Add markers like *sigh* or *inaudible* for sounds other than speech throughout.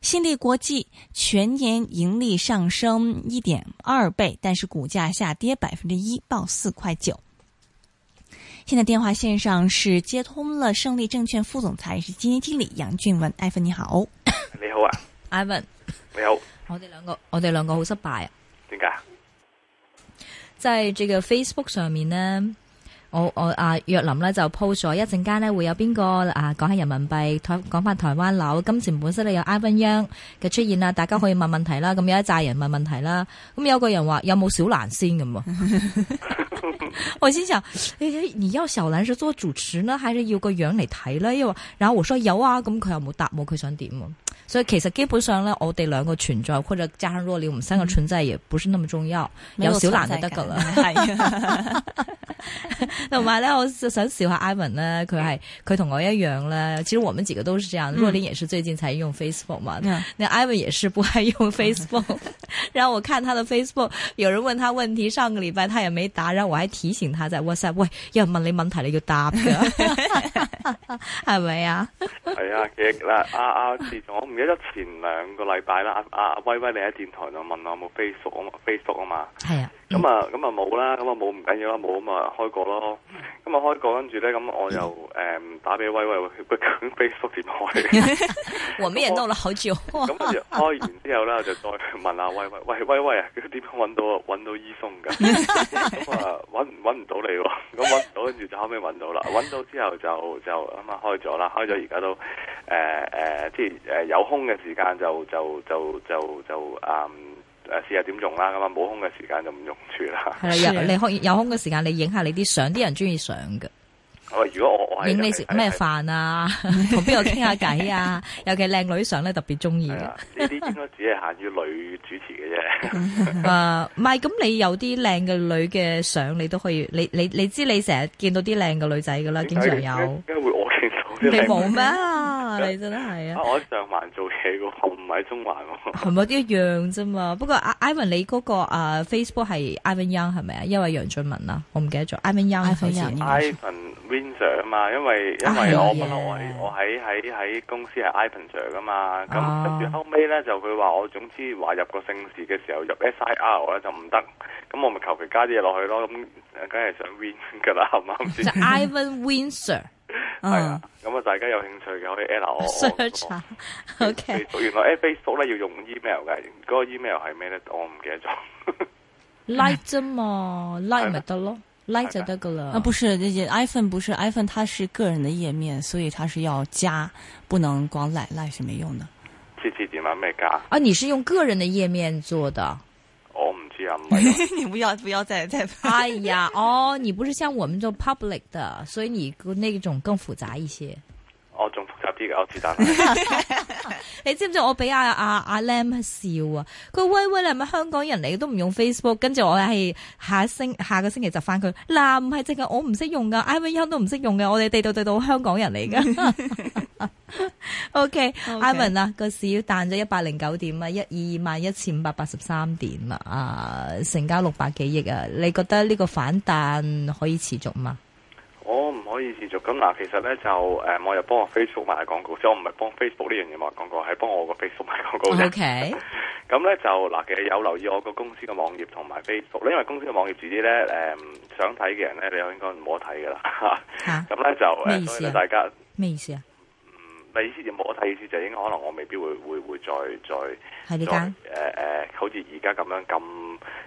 新力國際全年盈利上升一點二倍，但是股價下跌百分之一，報四塊九。現在電話線上是接通了勝利證券副總裁、是基金經理楊俊文。艾芬你好，你好啊，艾芬，你好。我哋兩個，我哋兩個好失敗啊。點解？在這個 Facebook 上面呢？我我阿若琳咧就 post 咗一陣間咧，會有邊個啊講下人民幣台講，翻台灣樓金錢本身咧有 Ivan Yang 嘅出現啦，大家可以問問題啦，咁有一紮人問問題啦，咁有個人話有冇小蘭先咁喎， *laughs* 我先想，欸、你要小蘭想做主持呢還是要個樣嚟睇啦因為，然後我說有啊，咁佢又冇答我，冇佢想點所以其實基本上咧，我哋兩個存在，或者加上若琳，我們三個存在，也不是那麼重要，有小蘭就得噶啦。係，同埋咧，我就想笑下 Ivan 咧，佢係佢同我一樣咧。其實我們幾個都是這樣，若琳也是最近才用 Facebook 嘛，那 Ivan 也是不愛用 Facebook，然後我看他的 Facebook，有人問他問題，上個禮拜他也沒答，然後我還提醒他，在 WhatsApp 喂，又問你問題你要答噶，係咪啊？係啊，其實嗱，阿阿我唔記得前兩個禮拜啦，阿阿威威你喺電台度問我有冇 Facebook 啊嘛，Facebook 啊嘛，係啊，咁、嗯、啊咁啊冇啦，咁啊冇唔緊要啦，冇啊嘛開過咯，咁啊開過跟住咧，咁我又誒、嗯、打俾威威，喂，講 Facebook 點開。我們也弄了好久。咁開完之後咧，我就再問阿威威，喂威威啊，點樣揾到揾到醫生㗎？咁啊揾唔到你喎，咁揾唔到，跟住就後尾揾到啦，揾到之後就就咁啊開咗啦，開咗而家都。誒誒，即係誒有空嘅時間就就就就就誒試下點用啦，咁啊冇空嘅時間就唔用住啦。係啊的，嗯、你可以有空嘅時間你影下你啲相，啲人中意相嘅。如果我影你食咩飯啊，同邊個傾下偈啊，尤其靚女相咧特別中意嘅。呢啲應該只係限於女主持嘅啫。唔係，咁你有啲靚嘅女嘅相，你都可以，你你你知你成日見到啲靚嘅女仔噶啦，經常有。會我你冇咩？啊、你真係啊！我上環做嘢嘅，我唔喺中環喎。係咪都一樣啫嘛？不過阿 Ivan 你嗰個啊 Facebook 係 Ivan Young 係咪啊？因為楊俊文啊，我唔記得咗。Ivan Young 嘅 f Ivan Windsor 啊嘛，因為因為我喺我喺喺喺公司係 Ivan sir 嘅嘛。咁跟住後尾咧就佢話我總之話入個姓氏嘅時候入 S I R 咧就唔得。咁我咪求其加啲嘢落去咯。咁梗係想 Win 㗎啦，係咪先？Ivan Windsor。係啊，咁啊，大家有興趣嘅可以 el 我。search，OK。原來誒，Facebook 咧要用 email 嘅，嗰個 email 係咩咧？我唔記得咗。like 啫嘛 like 咪得咯 like 就得噶啦。啊，不是，iPhone 不是 iPhone，它是個人的頁面，所以它是要加，不能光 like，like 是沒用的。設置點啊？咩加？啊，你是用個人的頁面做的。 *laughs* 你不要不要再再 *laughs* 哎呀！哦，你不是像我們做 public 的，所以你那種更複雜一些。 *music* *laughs* 你知唔知我俾阿阿阿 Lam 笑啊？佢、啊、喂、啊、喂，你係咪香港人嚟？都唔用 Facebook，跟住我係下一星下個星期就翻佢。嗱、啊，唔係淨係我唔識用噶，Ivan 都唔識用嘅。我哋地道地道 *music* 香港人嚟噶。 *laughs* OK，Ivan Okay, Okay. 啊，個市要彈咗一百零九點啊，一二萬一千五百八十三點啦，啊、呃，成交六百幾億啊，你覺得呢個反彈可以持續嘛？可以持續，咁，嗱，其實咧就誒，我又幫我 Facebook 賣廣告，即係我唔係幫 Facebook 呢樣嘢賣廣告，係幫我個 Facebook 賣廣告。O K，咁咧就嗱，其實有留意我個公司嘅網頁同埋 Facebook 咧，因為公司嘅網頁自己咧誒，想睇嘅人咧，你應該唔好睇噶啦嚇。咁咧、啊、就所以咧，大家咩意思啊？思啊，嗯，沒意思就冇得睇，意思就應該可能我未必會會會再再再。好似而家咁樣咁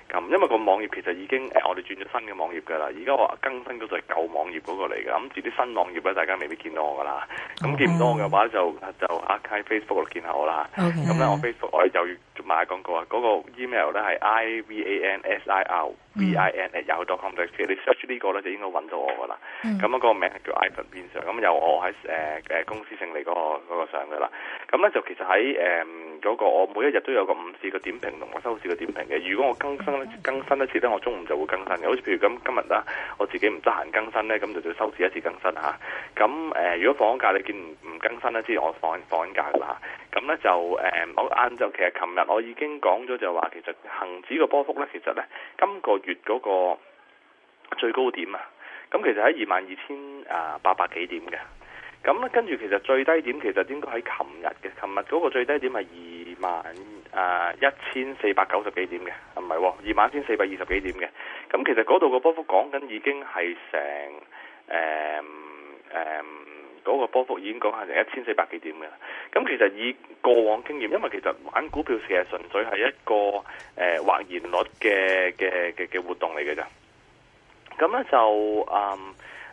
咁，因為個網頁其實已經誒、哎，我哋轉咗新嘅網頁噶啦。而家話更新都係舊網頁嗰個嚟㗎。咁至啲新網頁咧，大家未必見到我噶啦。咁 Okay. 見唔到我嘅話就就就喺 Facebook 度見下我啦。咁咧 Okay.、嗯，我 Facebook 我又要賣廣告啊。嗰、那個 email 咧係 I V A N S I R bin 有好多 complex 你 search 呢個咧就應該揾到我噶啦。咁個、mm. 個名字叫 iPhone 邊上，咁有我喺、uh, 公司勝利嗰個嗰個上噶啦。咁咧就其實喺誒嗰個我每一日都有個五次嘅點評同我收市嘅點評嘅。如果我更新更新一次咧，我中午就會更新嘅。好似譬如咁今日啦，我自己唔得閒更新咧，咁就再收市一次更新嚇。咁、啊、誒，如果放緊假，你見唔更新呢？自然我放放假噶啦。咁咧就誒、嗯，我晏晝其實琴日我已經講咗，就話其實恒指嘅波幅咧，其實咧今個月嗰個最高點啊，咁、嗯、其實喺二萬二千啊八百幾點嘅。咁、嗯、咧跟住其實最低點其實應該喺琴日嘅，琴日嗰個最低點係二萬啊一千四百九十幾點嘅，唔係喎，二萬一千四百二十幾點嘅。咁、嗯、其實嗰度個波幅講緊已經係成誒誒。嗯嗯嗰個波幅已經講下成一千四百幾點嘅，咁其實以過往經驗，因為其實玩股票其實純粹係一個誒或然率嘅嘅嘅嘅活動嚟嘅咋。咁咧就誒、嗯，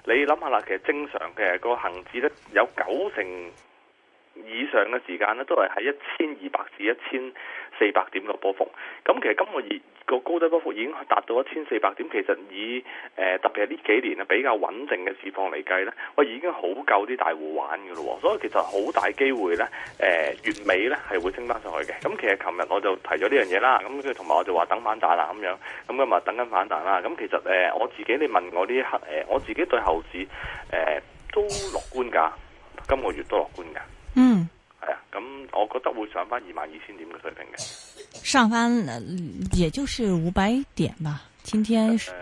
你諗下啦，其實正常嘅個恆指咧有九成以上嘅時間咧都係喺一千二百至一千。1, 四百點個波幅，咁其實今個月個高低波幅已經達到一千四百點，其實以誒、呃、特別係呢幾年啊比較穩定嘅市況嚟計呢喂、呃、已經好夠啲大戶玩嘅咯，所以其實好大機會呢，誒、呃、月尾呢係會升翻上去嘅。咁其實琴日我就提咗呢樣嘢啦，咁跟住同埋我就話等反彈啊咁樣，咁今日等緊反彈啦。咁其實誒、呃、我自己你問我呢一刻誒我自己對後市誒都樂觀㗎，今個月都樂觀㗎。嗯。我覺得會上翻二萬二千點嘅水平嘅，上翻，也就是五百點吧。今天，誒、呃，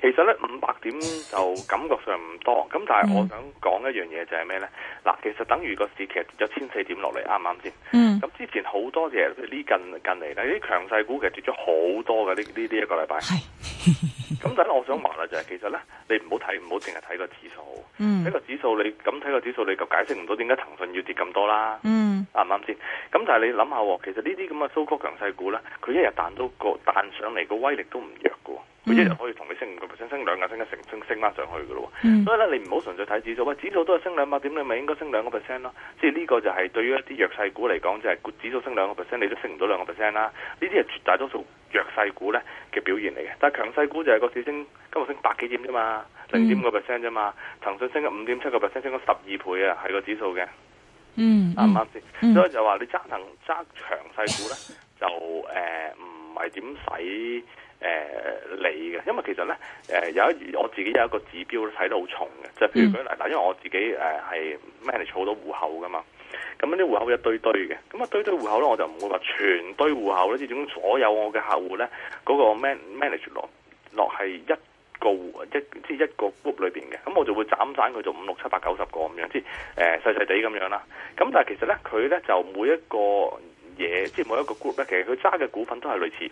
其實咧五百點就感覺上唔多，咁但係我想講一樣嘢就係咩咧？嗱、嗯，其實等於個市其實跌咗千四點落嚟，啱啱先試試？嗯。咁之前好多嘢，呢近近嚟咧，啲強勢股其實跌咗好多嘅，呢呢呢一個禮拜係。 *laughs* 咁、嗯、但係我想話啦，就係其實咧，你唔好睇，唔好淨係睇個指數。嗯，呢個指數你咁睇個指數，你就解釋唔到點解騰訊要跌咁多啦。嗯，啱唔啱先？咁但係你諗下，其實呢啲咁嘅 so-called 強勢股咧，佢一日彈到個彈上嚟個威力都唔弱嘅。佢、嗯、一日可以同你升五個 percent，升兩個 percent，就升升翻上去嘅咯。嗯，所以咧，你唔好純粹睇指數。喂，指數都係升兩百點，你咪應該升兩個 percent 咯。即係呢個就係對於一啲弱勢股嚟講，就係、是、指數升兩個 percent，你都升唔到兩個 percent 啦。呢啲係絕大多數。弱勢股咧嘅表現嚟嘅，但係強勢股就係個市升，今日升百幾點啫嘛，零點五個 percent 啫嘛。騰訊升咗五點七個 percent，升咗十二倍啊，係個指數嘅，啱唔啱先？正正嗯、所以就話你揸騰揸強勢股咧，就誒唔係點使誒理嘅，因為其實咧誒、呃、有一，我自己有一個指標睇得好重嘅，就係、是、譬如嗱，嗯、因為我自己誒係 manage 好多戶口噶嘛。咁啲戶口一堆堆嘅，咁一堆堆戶口咧，我就唔會話全堆戶口咧，即係總之所有我嘅客戶咧，嗰、嗰個 man manage 落落係一個一即係一個 group 裏邊嘅，咁我就會斬散佢做五六七八九十個咁樣，、呃、樣，即係誒細細地咁樣啦。咁但係其實咧，佢咧就每一個嘢，即係每一個 group 咧，其實佢揸嘅股份都係類似，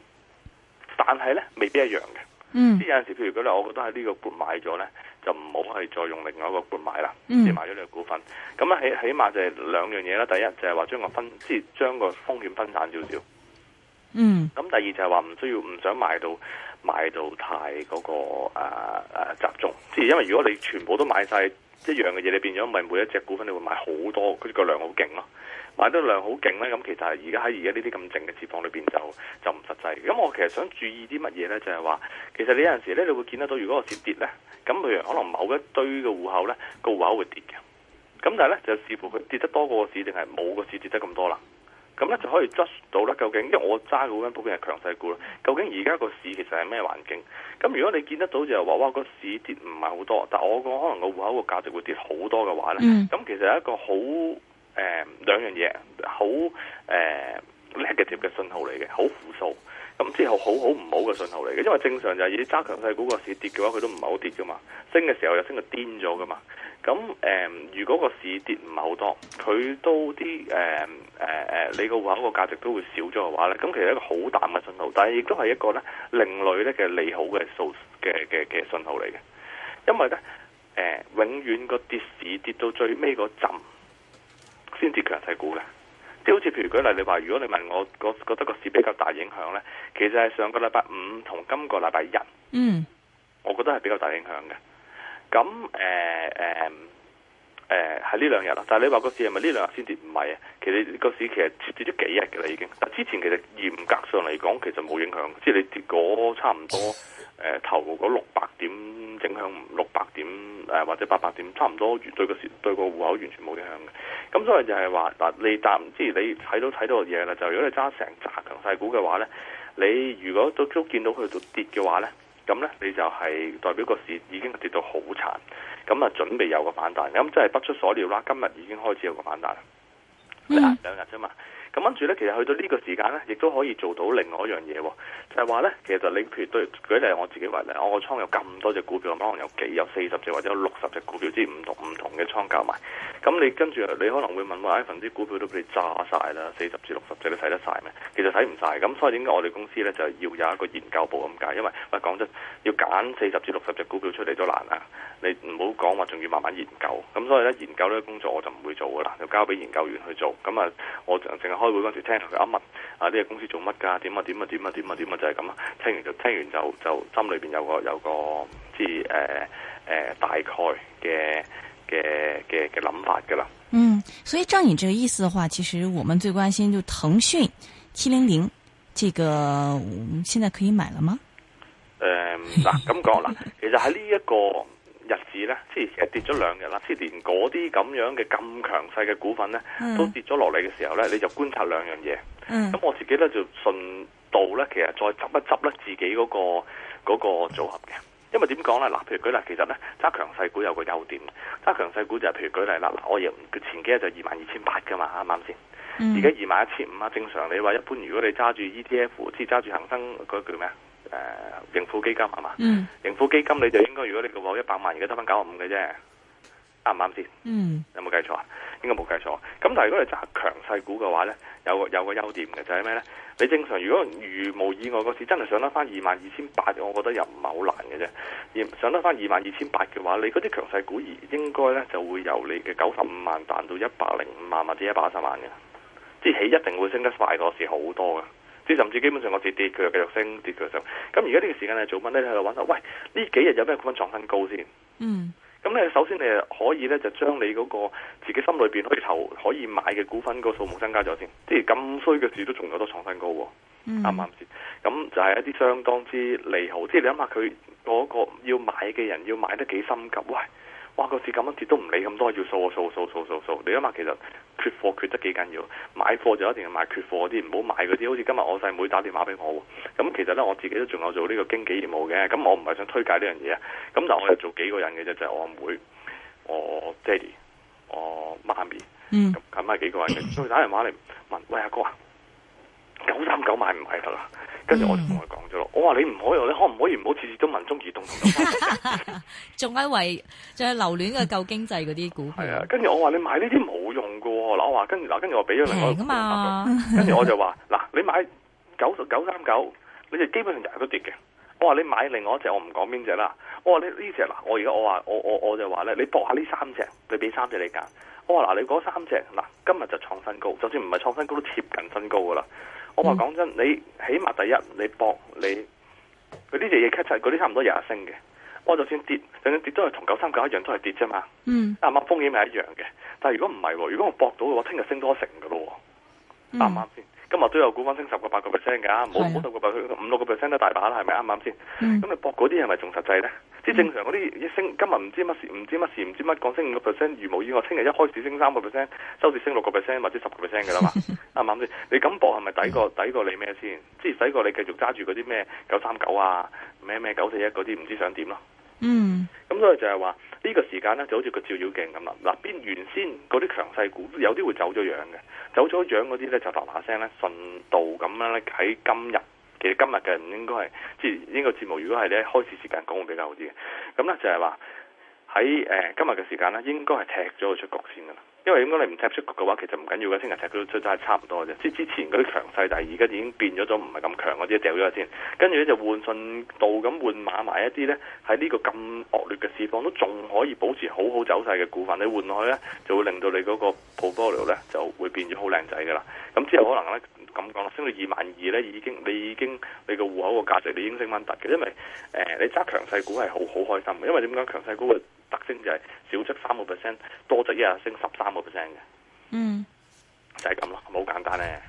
但係咧未必一樣嘅。嗯，啲有陣時譬如咧，我覺得喺呢個盤買咗咧，就唔好係再用另外一個盤買啦，先、嗯、買咗呢個股份。咁起起碼就係兩樣嘢啦，第一就係話將個分，即係將個風險分散少少。嗯。咁第二就係話唔需要，唔想買到，買到太嗰、嗰個、啊啊、集中，即係因為如果你全部都買晒。一樣嘅嘢你變咗咪每一隻股份你會買好多，佢個量好勁咯，買得量好勁呢。咁其實而家喺而家呢啲咁靜嘅情況裏邊就就唔實際。咁我其實想注意啲乜嘢呢？就係話其實你有陣時呢，你會見得到如果個市跌呢，咁譬如可能某一堆嘅戶口呢，個戶口會跌嘅，咁但係呢，就視乎佢跌得多過個市定係冇個市跌得咁多啦。咁咧就可以 judge 到啦，究竟因為我揸嘅股普遍係強勢股，究竟而家個市其實係咩環境？咁如果你見得到就話哇，個市跌唔係好多，但我講可能個戶口個價值會跌好多嘅話咧，咁、mm. 其實係一個好誒、呃、兩樣嘢，好 negative 嘅信號嚟嘅，好負數。咁之後好好唔好嘅信號嚟嘅，因為正常就係啲揸強勢股個市跌嘅話，佢都唔係好跌噶嘛，升嘅時候又升到癲咗噶嘛。咁誒、呃，如果個市跌唔係好多，佢都啲誒誒你個戶口個價值都會少咗嘅話咧，咁其實一個好淡嘅信號，但係亦都係一個咧另類咧嘅利好嘅數嘅嘅嘅信號嚟嘅，因為咧、呃、永遠個跌市跌到最尾個陣先跌強勢股嘅。即係好似譬如舉例，你話如果你問我，我覺得個市比較大影響咧，其實係上個禮拜五同今個禮拜日，嗯，我覺得係比較大影響嘅。咁誒誒誒係呢兩日啦，但係你話個市係咪呢兩日先跌？唔係啊，其實個市其實跌咗幾日嘅啦，已經。但之前其實嚴格上嚟講，其實冇影響。即係你跌嗰差唔多誒、呃、頭嗰六百點。影響六百點誒或者八百點，差唔多對個市對個戶口完全冇影響嘅。咁所以就係話嗱，你但唔知你睇到睇到嘅嘢啦，就如果你揸成紮強勢股嘅話呢，你如果都都見到佢度跌嘅話呢，咁呢你就係代表個市已經跌到好殘，咁啊準備有個反彈。咁即係不出所料啦，今日已經開始有個反彈啦，嗯、兩日啫嘛。咁跟住咧，其實去到呢個時間咧，亦都可以做到另外一樣嘢、哦，就係話咧，其實你譬如對舉例，我自己為例，我個倉有咁多隻股票，可能有幾有四十隻或者有六十隻股票之唔同唔同嘅倉交埋。咁你跟住你可能會問話，成份股股票都俾你炸晒啦，四十至六十隻都睇得晒咩？其實睇唔晒。」咁所以點解我哋公司咧就要有一個研究部咁解？因為話講真，要揀四十至六十隻股票出嚟都難啊！你唔好講話仲要慢慢研究。咁所以咧，研究呢個工作我就唔會做噶啦，就交俾研究員去做。咁啊，我淨係開。開會嗰時聽佢一問啊，呢個公司做乜噶？點啊點啊點啊點啊點啊，就係咁。聽完就聽完就就心裏邊有個有個即係誒誒大概嘅嘅嘅嘅諗法噶啦。嗯，所以照你這個意思嘅話，其實我們最關心就是騰訊七零零，700, 這個現在可以買了嗎？誒，嗱咁講啦，其實喺呢一個。日子咧，即係跌咗兩日啦，即係連嗰啲咁樣嘅咁強勢嘅股份咧，mm. 都跌咗落嚟嘅時候咧，你就觀察兩樣嘢。咁、mm. 我自己咧就順道咧，其實再執一執咧自己嗰個嗰個組合嘅，因為點講咧？嗱，譬如舉例，其實咧揸強勢股有個優點，揸強勢股就係譬如舉例啦，我亦前幾日就二萬二千八噶嘛，啱唔啱先？而家二萬一千五啊，正常你話一般，如果你揸住 ETF，即係揸住恒生嗰個叫咩啊？那個誒，uh, 盈富基金係嘛？Mm. 盈富基金你就應該，如果你個一百萬而家得翻九十五嘅啫，啱唔啱先？Mm. 有冇計錯？應該冇計錯。咁但係如果你揸強勢股嘅話咧，有有個優點嘅就係咩咧？你正常如果如無意外個市真係上得翻二萬二千八，我覺得又唔係好難嘅啫。而上得翻二萬二千八嘅話，你嗰啲強勢股而應該咧就會由你嘅九十五萬賺到一百零五萬或者一百三十萬嘅，即係起一定會升得快過市好多嘅。即甚至基本上，我跌跌，佢又繼續升，跌佢又升。咁。而家呢個時間係做乜咧？你喺度玩得，喂！呢幾日有咩股份創新高先？嗯，咁你首先你可以咧，就將你嗰個自己心裏邊可以投、可以買嘅股份個數目增加咗先。即係咁衰嘅事都仲有得創新高喎，啊，啱唔啱先？咁就係一啲相當之利好。即係你諗下，佢嗰個要買嘅人要買得幾心急？喂！哇！個市咁多跌都唔理咁多，要掃掃掃掃掃掃。你諗下，其實缺貨缺得幾緊要，買貨就一定係買缺貨啲，唔好買嗰啲。好似今日我細妹打電話俾我喎，咁其實呢，我自己都仲有做呢個經紀業務嘅，咁我唔係想推介呢樣嘢。咁嗱，我又做幾個人嘅啫，就我阿妹、我爹哋、我媽咪。嗯。咁係幾個人嘅？佢打電話嚟問：喂，阿哥啊九三九買唔買得啦？跟住我就同佢講咗咯，嗯、我話你唔可以，你可唔可以唔好次次都問中移動，和動和？ *laughs* 仲係為就係留戀嘅舊經濟嗰啲股票？係啊、嗯，跟住我話你買呢啲冇用㗎嗱，我話跟住嗱，跟住我俾咗另外跟住、欸、 *laughs* 我就話嗱，你買九十九三九，你就基本上日日都跌嘅。我話你買另外一隻，我唔講邊隻啦。我話你呢隻嗱，我而家我話我我我就話咧，你搏下呢三隻，你俾三隻你揀。我話嗱，你嗰三隻嗱，今日就創新高，就算唔係創新高都貼近新高噶啦。Mm. 我話講真，你起碼第一，你搏你嗰啲嘢亦 cut 齊，嗰啲差唔多廿升嘅。我就算跌，就算跌都係同九三九一樣，都係跌啫嘛。嗯、mm. 啊。啱風險係一樣嘅。但係如果唔係，如果我搏到嘅話，聽日升多成噶咯。啱唔啱先？今日都有股份升十個、八個 percent 嘅啊，冇冇到個五六個 percent 都大把啦，係咪啱唔啱先？咁、嗯、你博嗰啲係咪仲實際咧？即係、嗯、正常嗰啲一升，今日唔知乜事，唔知乜事，唔知乜講升五個 percent 如無意外，聽日一開始升三個 percent，收市升六個 percent 或者十個 percent 嘅啦嘛，啱唔啱先？你咁博係咪抵過抵過你咩先？即係抵過你繼續揸住嗰啲咩九三九啊，咩咩九四一嗰啲唔知想點咯？嗯，咁所以就係話。呢個時間咧就好似個照妖鏡咁啦，嗱邊原先嗰啲強勢股有啲會走咗樣嘅，走咗樣嗰啲咧就嗱嗱聲咧順道咁樣咧喺今日，其實今日嘅唔應該係，即係呢個節目如果係咧開始時間講會比較好啲嘅，咁咧就係話喺誒今日嘅時間咧應該係踢咗佢出局先噶啦。因為點解你唔踢出局嘅話，其實唔緊要嘅，聽日踢佢出都係差唔多嘅啫。即之前嗰啲強勢，但係而家已經變咗，咗唔係咁強嗰啲掉咗先。跟住咧就換順道，咁換馬埋一啲咧喺呢個咁惡劣嘅市況都仲可以保持好好走勢嘅股份，你換落去咧就會令到你嗰個 port 咧就會變咗好靚仔噶啦。咁之後可能咧咁講啦，升到二萬二咧已經你已經你個戶口個價值你已經升翻突嘅，因為誒、呃、你揸強勢股係好好開心嘅，因為點解強勢股嘅？特徵就係少則三個 percent，多則一日升十三個 percent 嘅。嗯，就係咁咯，係咪好簡單咧。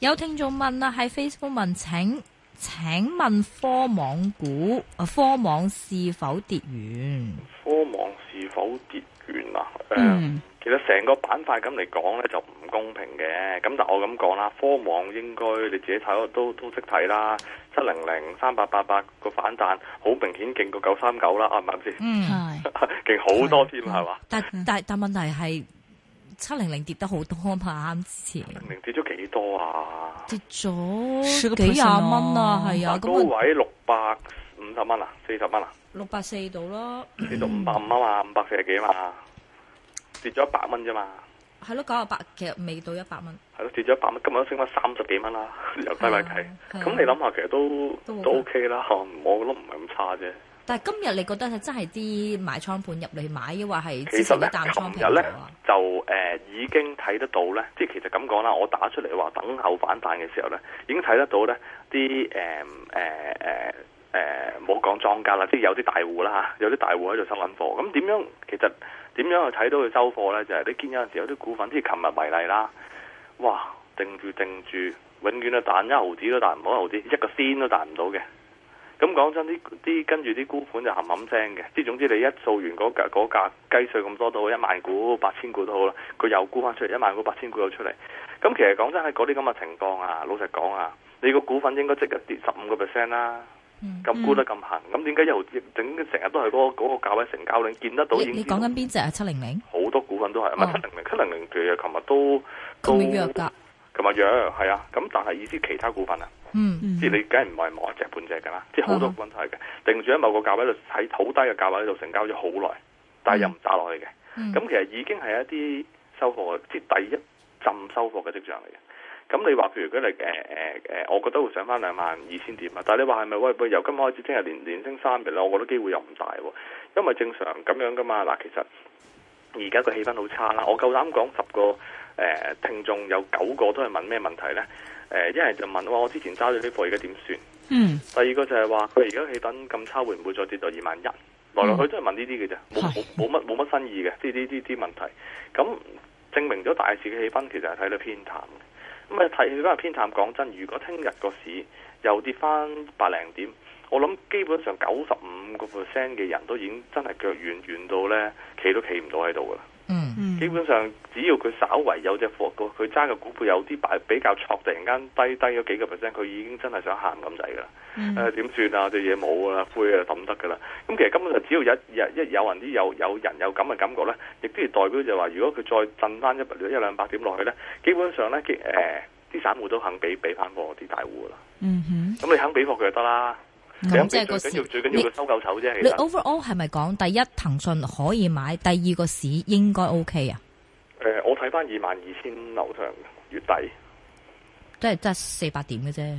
有聽眾問啦，喺 Facebook 問，請請問科網股啊，科網是否跌完？科網是否跌完啊？呃、嗯，其實成個板塊咁嚟講咧，就唔公平嘅。咁但係我咁講啦，科網應該你自己睇都都識睇啦，七零零、三八八八個反彈，好明顯勁過九三九啦，啱唔啱先？嗯、啊。勁好多添係嘛？但但但問題係七零零跌得好多啊！啱，之前七零零跌咗幾多啊？跌咗幾廿蚊啊？係啊！高位六百五十蚊啊？四十蚊啊？六百四度啦，跌到五百五啊嘛，五百四十幾啊嘛，跌咗一百蚊啫嘛。係咯，九十八，其實未到一百蚊。係咯，跌咗一百蚊，今日都升翻三十幾蚊啦，由低位睇，咁你諗下，其實都都 OK 啦，我都唔係咁差啫。但今日你覺得係真係啲買倉盤入嚟買，抑或係自己減倉平嘅話，就誒、呃、已經睇得到咧。即係其實咁講啦，我打出嚟話等候反彈嘅時候咧，已經睇得到咧啲誒誒誒誒，唔好講、呃呃呃呃、莊家啦，即係有啲大戶啦吓有啲大戶喺度收緊貨。咁點樣其實點樣去睇到佢收貨咧？就係、是、你見有陣時有啲股份，以琴日為例啦，哇，定住定住，永遠都彈一毫子都彈唔到一毫子，一個仙都彈唔到嘅。咁講真，啲啲跟住啲沽盤就冚冚聲嘅，即係總之你一做完嗰格嗰格雞碎咁多到一萬股八千股都好啦，佢又沽翻出嚟一萬股八千股又出嚟。咁其實講真喺嗰啲咁嘅情況啊，老實講啊，你個股份應該即日跌十五個 percent 啦，咁沽得咁狠，咁點解一路整成日都係嗰嗰個價位成交你見得到已經你。你你講緊邊隻啊？七零零，好多股份都係唔係七零零？七零零其實琴日都咁嘅價。咁啊樣，係啊、嗯，咁但係意思其他股份啊，即係你梗係唔係冇一隻半隻㗎啦，即係好多問題嘅，定住喺某個價位度，喺好低嘅價位度成交咗好耐，但係又唔打落去嘅，咁其實已經係一啲收貨嘅，即係第一浸收貨嘅跡象嚟嘅。咁你話譬如如果嚟，我覺得會上翻兩萬二千點啊，但係你話係咪喂，由今開始聽日連連升三日咧，我覺得機會又唔大喎，因為正常咁樣噶嘛，嗱其實。其實喔喔而家個氣氛好差啦，我夠膽講十個誒、呃、聽眾有九個都係問咩問題呢？誒、呃，一係就問我之前揸咗啲貨而家點算？嗯，第二個就係話佢而家氣氛咁差，會唔會再跌到二萬一？來來去都係問呢啲嘅啫，冇冇乜冇乜新意嘅即係呢啲問題。咁證明咗大市嘅氣氛其實係睇到偏淡。咁啊睇氣氛係偏淡，講真，如果聽日個市又跌翻百零點。我諗基本上九十五個 percent 嘅人都已經真係腳軟軟到咧，企都企唔到喺度噶啦。嗯嗯，基本上只要佢稍為有隻貨股，佢揸嘅股票有啲擺比較錯，突然間低低咗幾個 percent，佢已經真係想喊咁滯噶啦。誒點、嗯呃、算啊？隻嘢冇啊，灰啊抌得噶啦。咁其實根本就只要有一一有人啲有有人有咁嘅感覺咧，亦都係代表就話，如果佢再震翻一,一,一兩百點落去咧，基本上咧，誒啲、呃、散戶都肯俾俾翻貨啲大戶噶啦、嗯。嗯哼，咁你肯俾貨佢就得啦。咁即係個市，最緊要佢收夠籌啫，你 overall 係咪講？第一騰訊可以買，第二個市應該 OK 啊？誒、呃，我睇翻二萬二千樓上，月底，即係得四百點嘅啫，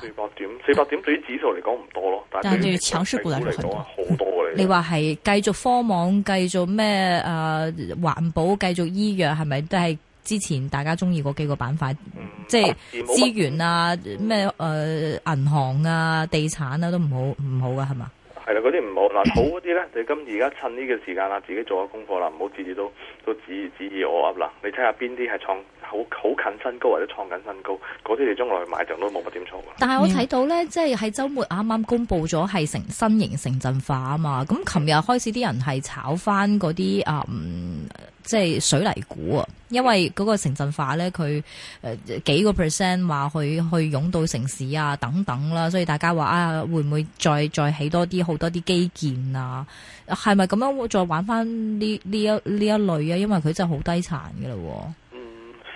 四百點， *laughs* 四百點於數 *laughs* 對於指數嚟講唔多咯。但係你搶股嚟講，好多嘅你話係繼續科網，繼續咩誒環保，繼續醫藥，係咪都係？之前大家中意嗰幾個板塊，嗯、即係資源啊、咩誒、呃、銀行啊、地產啊，都唔好唔好噶，係嘛？係啦，嗰啲唔好嗱，好嗰啲咧，你咁而家趁呢個時間啦，自己做下功課啦，唔好自己都都指指意我噏啦。你睇下邊啲係創好好近新高或者創緊新高，嗰啲你將來買就都冇乜點錯。嗯、但係我睇到咧，即係喺週末啱啱公佈咗係成新型城鎮化啊嘛。咁琴日開始啲人係炒翻嗰啲誒。啊嗯即係水泥股啊，因為嗰個城鎮化咧，佢誒幾個 percent 話去去擁到城市啊等等啦，所以大家話啊，會唔會再再起多啲好多啲基建啊？係咪咁樣再玩翻呢呢一呢一類啊？因為佢真係好低殘噶咯。嗯，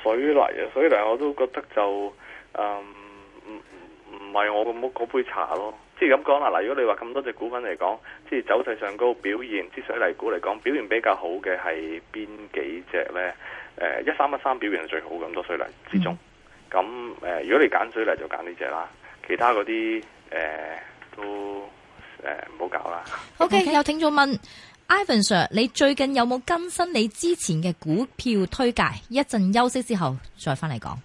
水泥啊，水泥我都覺得就誒唔唔係我咁嗰杯茶咯。即係咁講啦，嗱，如果你話咁多隻股份嚟講，即係走勢上高，表現啲水泥股嚟講，表現比較好嘅係邊幾隻呢？誒、呃，一三一三表現係最好咁多水泥之中。咁誒、mm hmm. 呃，如果你揀水泥就揀呢隻啦，其他嗰啲誒都誒唔好搞啦。OK，有聽眾問，Ivan Sir，你最近有冇更新你之前嘅股票推介？一陣休息之後再翻嚟講。